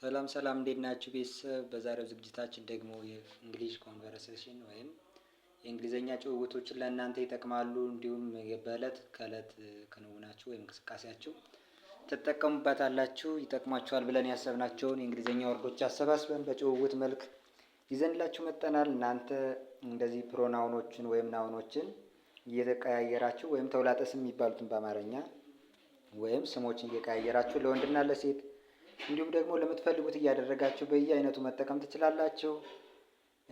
ሰላም ሰላም፣ እንዴት ናችሁ ቤተሰብ? በዛሬው ዝግጅታችን ደግሞ የእንግሊሽ ኮንቨርሴሽን ወይም የእንግሊዝኛ ጭውውቶችን ለእናንተ ይጠቅማሉ፣ እንዲሁም በእለት ከእለት ክንውናችሁ ወይም እንቅስቃሴያችሁ ትጠቀሙባታላችሁ፣ ይጠቅማችኋል ብለን ያሰብናቸውን የእንግሊዝኛ ወርዶች አሰባስበን በጭውውት መልክ ይዘንላችሁ መጠናል። እናንተ እንደዚህ ፕሮናውኖችን ወይም ናውኖችን እየተቀያየራችሁ ወይም ተውላጠ ስም የሚባሉትን በአማርኛ ወይም ስሞችን እየቀያየራችሁ ለወንድና ለሴት እንዲሁም ደግሞ ለምትፈልጉት እያደረጋችሁ በየአይነቱ መጠቀም ትችላላችሁ።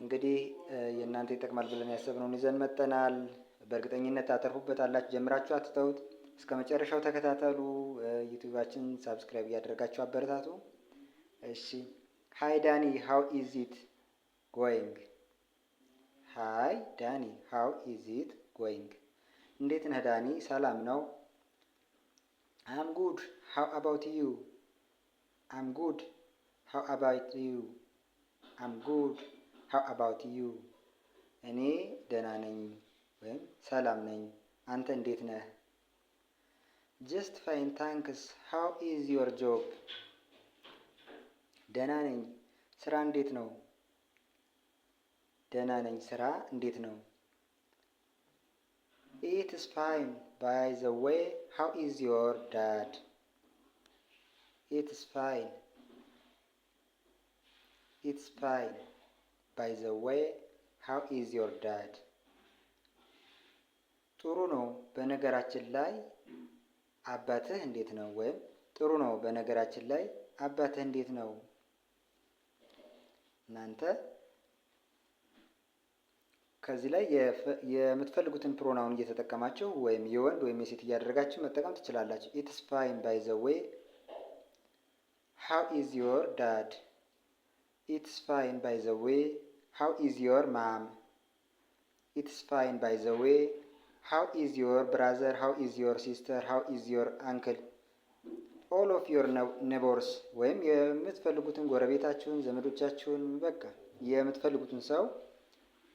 እንግዲህ የእናንተ ይጠቅማል ብለን ያሰብነውን ይዘን መጠናል። በእርግጠኝነት ታተርፉበታላችሁ። ጀምራችሁ አትተውት። እስከ መጨረሻው ተከታተሉ። ዩቲዩባችን ሳብስክራይብ እያደረጋችሁ አበረታቱ። እሺ ሀይ ዳኒ ሃው ኢዝ ኢት ጎይንግ። ሀይ ዳኒ ሃው ኢዝ ኢት ጎይንግ። እንዴት ነህ ዳኒ? ሰላም ነው። አም ጉድ ሃው አባውት ዩ I'm good. How about you? I'm good. How about you? እኔ ደህና ነኝ ወይም ሰላም ነኝ። አንተ እንዴት ነህ? ጀስት ፋይን ታንክስ ሃው ኢዝ ዮር ጆብ? ደህና ነኝ። ስራ እንዴት ነው? ደህና ነኝ። ስራ እንዴት ነው? ኢትስ ፋይን ባይ ዘ ዌይ ሃው ኢዝ ዮር ዳድ? ኢትስ ፋይን ኢትስ ፋይን ባይ ዘ ዌይ ሃው ኢዝ ዮር ዳድ ጥሩ ነው በነገራችን ላይ አባትህ እንዴት ነው? ወይም ጥሩ ነው በነገራችን ላይ አባትህ እንዴት ነው? እናንተ ከዚህ ላይ የምትፈልጉትን ፕሮናውን እየተጠቀማችሁ ወይም የወንድ ወይም የሴት እያደረጋችሁ መጠቀም ትችላላችሁ። ኢትስ ፋይን ባይ ዘ ዌይ ሃው ኢዝ ዮር ዳድ? ኢትስ ፋይን ባይ ዘ ዌይ ሃው ኢዝ ዮር ማም? ኢትስ ፋይን ባይ ዘ ዌይ ሃው ኢዝ ዮር ብራዘር? ሃው ኢዝ ዮር ሲስተር? ሃው ኢዝ ዮር አንክል? ኦል ኦፍ ዮር ኔቦርስ ወይም የምትፈልጉትን ጎረቤታችሁን፣ ዘመዶቻችሁን በቃ የምትፈልጉትን ሰው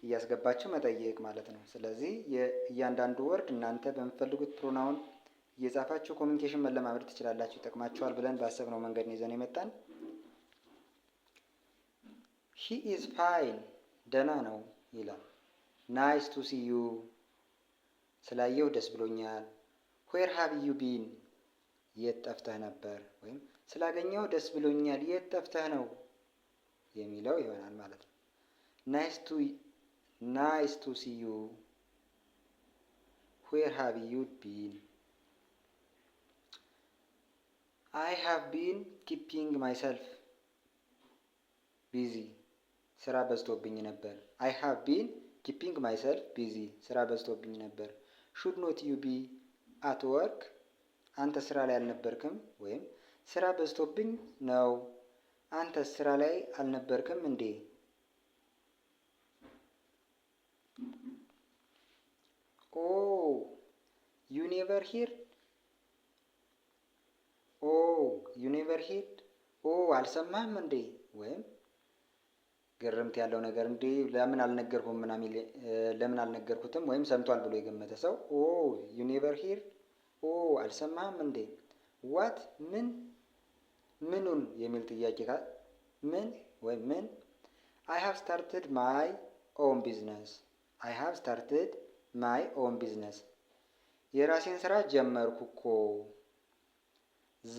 እያስገባችሁ መጠየቅ ማለት ነው። ስለዚህ የእያንዳንዱ ወርድ እናንተ በምትፈልጉት ፕሮናውን እየጻፋችሁ ኮሚኒኬሽን መለማመድ ትችላላችሁ፣ ይጠቅማችኋል ብለን ባሰብነው መንገድ ነው ይዘን የመጣን። ሂ ኢዝ ፋይን ደህና ነው ይላል። ናይስ ቱ ሲ ዩ ስላየው ደስ ብሎኛል። ዌር ሃቭ ዩ ቢን የት ጠፍተህ ነበር፣ ወይም ስላገኘው ደስ ብሎኛል የት ጠፍተህ ነው የሚለው ይሆናል ማለት ነው። ናይስ ቱ ናይስ ቱ ሲ ዩ ዌር ሃቭ ዩ ቢን አይ ሃቭ ቢን ኪፒንግ ማይሰልፍ ቢዚ ስራ በዝቶብኝ ነበር። አይ ሃቭ ቢን ኪፒንግ ማይሰልፍ ቢዚ ስራ በዝቶብኝ ነበር። ሹድ ኖት ዩ ቢ አት ወርክ አንተ ስራ ላይ አልነበርክም? ወይም ስራ በዝቶብኝ ነው አንተ ስራ ላይ አልነበርክም እንዴ? ኦ ዩ ኔቨር ሂር ዩኒቨር ሂድ ኦ አልሰማህም እንዴ ወይም ግርምት ያለው ነገር እንዴ ለምን አልነገርኩም ምናምን ለምን አልነገርኩትም ወይም ሰምቷል ብሎ የገመተ ሰው ኦ ዩኒቨር ኦ አልሰማህም እንዴ ዋት ምን ምኑን የሚል ጥያቄ ምን ወይም ምን አይ ሃቭ ስታርትድ ማይ ኦን ቢዝነስ አይ ሃቭ ስታርትድ ማይ ኦን ቢዝነስ የራሴን ስራ ጀመርኩ እኮ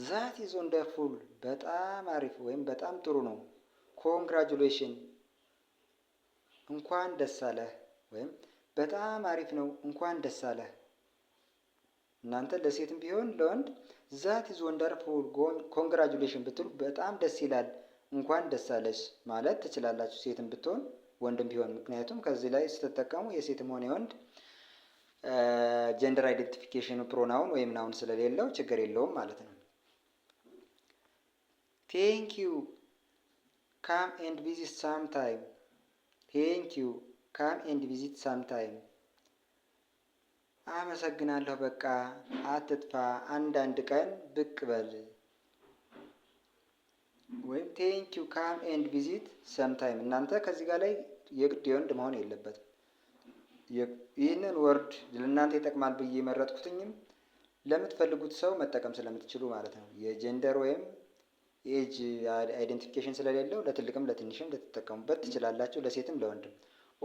ዛት ኢዝ ወንደርፉል በጣም አሪፍ ወይም በጣም ጥሩ ነው። ኮንግራጁሌሽን እንኳን ደስ አለህ ወይም በጣም አሪፍ ነው እንኳን ደስ አለህ። እናንተ ለሴትም ቢሆን ለወንድ ዛት ኢዝ ወንደርፉል ኮንግራጁሌሽን ብትሉ በጣም ደስ ይላል እንኳን ደስ አለሽ ማለት ትችላላችሁ። ሴትም ብትሆን ወንድም ቢሆን ምክንያቱም ከዚህ ላይ ስትጠቀሙ የሴትም ሆነ የወንድ ጀንደር አይደንቲፊኬሽን ፕሮናውን ወይም ናውን ስለሌለው ችግር የለውም ማለት ነው። ቴንክ ዩ ካም ኤንድ ቪዚት ሳምታይም ቴንክ ዩ ካም ኤንድ ቪዚት ሳምታይም አመሰግናለሁ በቃ አትጥፋ፣ አንዳንድ ቀን ብቅ በል ወይም ቴንክ ዩ ካም ኤንድ ቪዚት ሰምታይም። እናንተ ከዚህ ጋር ላይ የግድ የወንድ መሆን የለበትም። ይህንን ወርድ ለእናንተ ይጠቅማል ብዬ የመረጥኩትኝም ለምትፈልጉት ሰው መጠቀም ስለምትችሉ ማለት ነው። የጀንደር ወይም የእጅ አይደንቲፊኬሽን ስለሌለው ለትልቅም ለትንሽም ልትጠቀሙበት ትችላላችሁ፣ ለሴትም ለወንድም።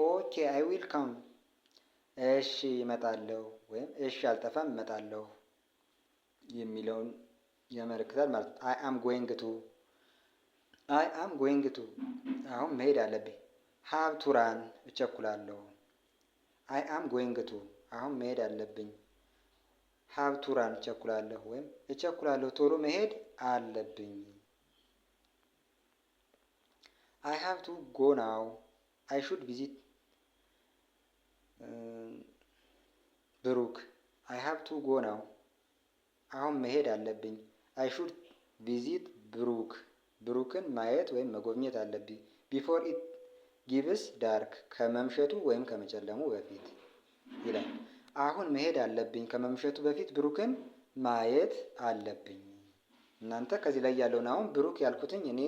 ኦኬ አይ ዊል ካም፣ እሺ ይመጣለሁ ወይም እሺ አልጠፋም ይመጣለሁ የሚለውን ያመለክታል ማለት ነው። አይ አም ጎይንግ ቱ፣ አይ አም ጎይንግ ቱ፣ አሁን መሄድ አለብኝ። ሀብ ቱራን፣ እቸኩላለሁ። አይ አም ጎይንግ ቱ፣ አሁን መሄድ አለብኝ። ሀብ ቱራን፣ እቸኩላለሁ ወይም እቸኩላለሁ፣ ቶሎ መሄድ አለብኝ። አይ ሃቭ ቱ ጎ ናው አይ ሹድ ቪዚት ብሩክ አይ ሃቭ ቱ ጎ ናው አሁን መሄድ አለብኝ። አይ ሹድ ቪዚት ብሩክ ብሩክን ማየት ወይም መጎብኘት አለብኝ። ቢፎር ኢት ጊቭስ ዳርክ ከመምሸቱ ወይም ከመጨለሙ በፊት ይላል። አሁን መሄድ አለብኝ። ከመምሸቱ በፊት ብሩክን ማየት አለብኝ። እናንተ ከዚህ ላይ ያለውን አሁን ብሩክ ያልኩትኝ እኔ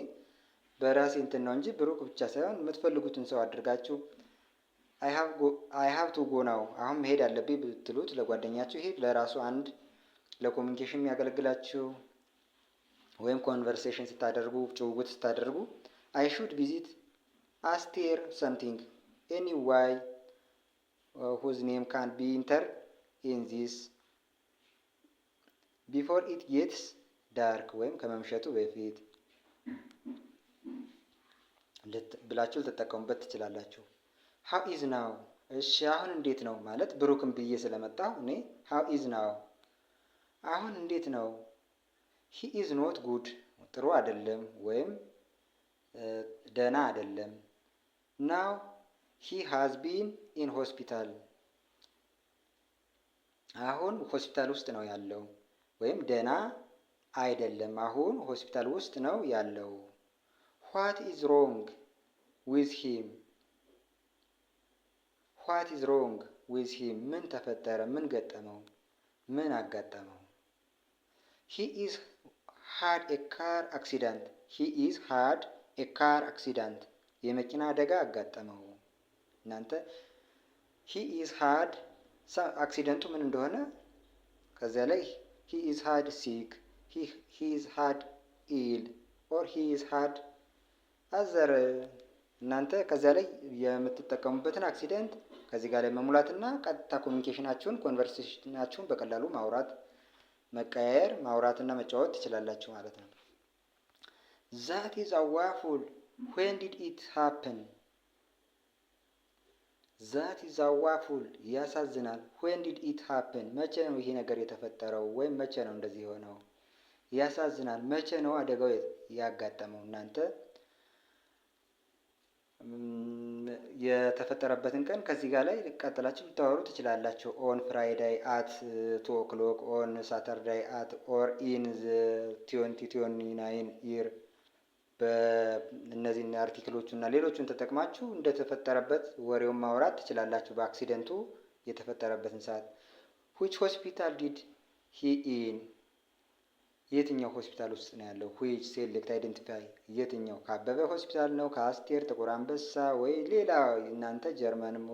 በራሴ እንትን ነው እንጂ ብሩክ ብቻ ሳይሆን የምትፈልጉትን ሰው አድርጋችሁ አይሀብ ቱ ጎ ነው አሁን መሄድ አለብኝ ብትሉት ለጓደኛችሁ ይሄ ለራሱ አንድ ለኮሚኒኬሽን የሚያገለግላችሁ ወይም ኮንቨርሴሽን ስታደርጉ ጭውውት ስታደርጉ አይ ሹድ ቪዚት አስቴር ሰምቲንግ ኤኒ ዋይ ሁዝ ኔም ካን ቢ ኢንተር ኢን ዚስ ቢፎር ኢት ጌትስ ዳርክ ወይም ከመምሸቱ በፊት ብላችሁ ልትጠቀሙበት ትችላላችሁ። ሀው ኢዝ ናው። እሺ አሁን እንዴት ነው ማለት ብሩክም ብዬ ስለመጣሁ እኔ ሀው ኢዝ ናው አሁን እንዴት ነው። ሂ ኢዝ ኖት ጉድ ጥሩ አይደለም ወይም ደህና አይደለም። ናው ሂ ሃዝ ቢን ኢን ሆስፒታል አሁን ሆስፒታል ውስጥ ነው ያለው ወይም ደህና አይደለም። አሁን ሆስፒታል ውስጥ ነው ያለው። ዋት ኢዝ ሮንግ ዊዝ ሂም ዋት ኢዝ ሮንግ ዊዝ ሂም ምን ተፈጠረ? ምን ገጠመው? ምን አጋጠመው? ሂ ኢዝ ሃድ ኤ ካር አክሲዳንት ሂ ኢዝ ሃድ ኤ ካር አክሲዳንት የመኪና አደጋ አጋጠመው። እናንተ ሂ ኢዝ ሃድ አክሲደንቱ ምን እንደሆነ ከዚያ ላይ ሂ ኢዝ ሃድ ሲክ ሂ ኢዝ ሃድ ኢል ኦር ሂ ኢዝ ሃድ አዘር እናንተ ከዚያ ላይ የምትጠቀሙበትን አክሲደንት ከዚህ ጋር ላይ መሙላትና ቀጥታ ኮሚኒኬሽናችሁን ኮንቨርሴሽናችሁን በቀላሉ ማውራት መቀያየር ማውራትና መጫወት ትችላላችሁ ማለት ነው። ዛት ኢዝ አዋርፉል ዌን ዲድ ኢት ሃፕን። ዛት ኢዝ ያሳዝናል። ዌን ዲድ ኢት ሃፕን መቼ ነው ይሄ ነገር የተፈጠረው ወይም መቼ ነው እንደዚህ የሆነው? ያሳዝናል መቼ ነው አደጋው ያጋጠመው? እናንተ የተፈጠረበትን ቀን ከዚህ ጋር ላይ ቀጥላችሁ ልታወሩ ትችላላችሁ። ኦን ፍራይዳይ አት ቱ ኦክሎክ ኦን ሳተርዳይ አት ኦር ኢን ትዌንቲ ትዌንቲ ናይን ኢር በእነዚህ አርቲክሎቹ እና ሌሎቹን ተጠቅማችሁ እንደተፈጠረበት ወሬውን ማውራት ትችላላችሁ። በአክሲደንቱ የተፈጠረበትን ሰዓት ዊች ሆስፒታል ዲድ ሂ ኢን የትኛው ሆስፒታል ውስጥ ነው ያለው? ዊች ሴሌክት አይደንቲፋይ የትኛው ከአበበ ሆስፒታል ነው ከአስቴር፣ ጥቁር አንበሳ ወይ ሌላ እናንተ ጀርመንም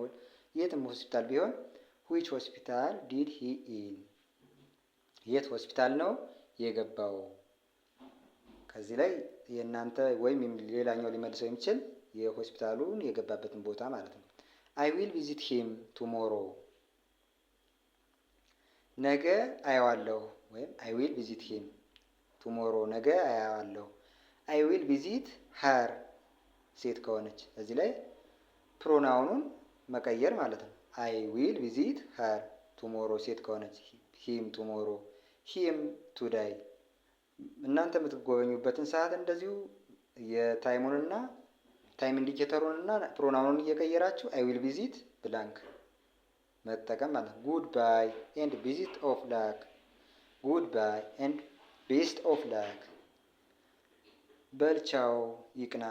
የትም ሆስፒታል ቢሆን ዊች ሆስፒታል ዲድ ሂ ኢን የት ሆስፒታል ነው የገባው? ከዚህ ላይ የእናንተ ወይም ሌላኛው ሊመልሰው የሚችል የሆስፒታሉን የገባበትን ቦታ ማለት ነው። አይ ዊል ቪዚት ሂም ቱሞሮ ነገ አየዋለሁ ወይም አይ ዊል ቪዚት ሂም ቱሞሮ ነገ አያዋለሁ። አይ ዊል ቪዚት ሀር ሴት ከሆነች እዚህ ላይ ፕሮናውኑን መቀየር ማለት ነው። አይ ዊል ቪዚት ሀር ቱሞሮ ሴት ከሆነች ሂም ቱሞሮ፣ ሂም ቱዳይ። እናንተ የምትጎበኙበትን ሰዓት እንደዚሁ የታይሙንና ታይም ኢንዲኬተሩንና ፕሮናውኑን እየቀየራችሁ አይ ዊል ቪዚት ብላንክ መጠቀም ማለት ነው። ጉድ ባይ ኤንድ ቪዚት ኦፍ ላክ ጉድ ባይ ኤንድ ቤስት ኦፍ ላክ በልቻው ይቅና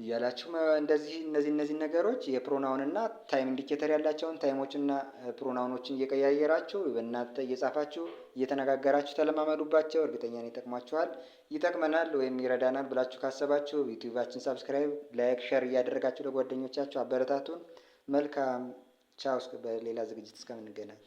እያላችሁ እንደዚህ እነዚህ እነዚህ ነገሮች የፕሮናውን እና ታይም ኢንዲኬተር ያላቸውን ታይሞችና ፕሮናውኖችን እየቀያየራችሁ በእናንተ እየጻፋችሁ እየተነጋገራችሁ ተለማመዱባቸው። እርግጠኛ ነኝ ይጠቅሟችኋል። ይጠቅመናል ወይም ይረዳናል ብላችሁ ካሰባችሁ ዩቲዩባችን ሳብስክራይብ፣ ላይክ፣ ሸር እያደረጋችሁ ለጓደኞቻችሁ አበረታቱን። መልካም ቻውስ። በሌላ ዝግጅት እስከምንገናኝ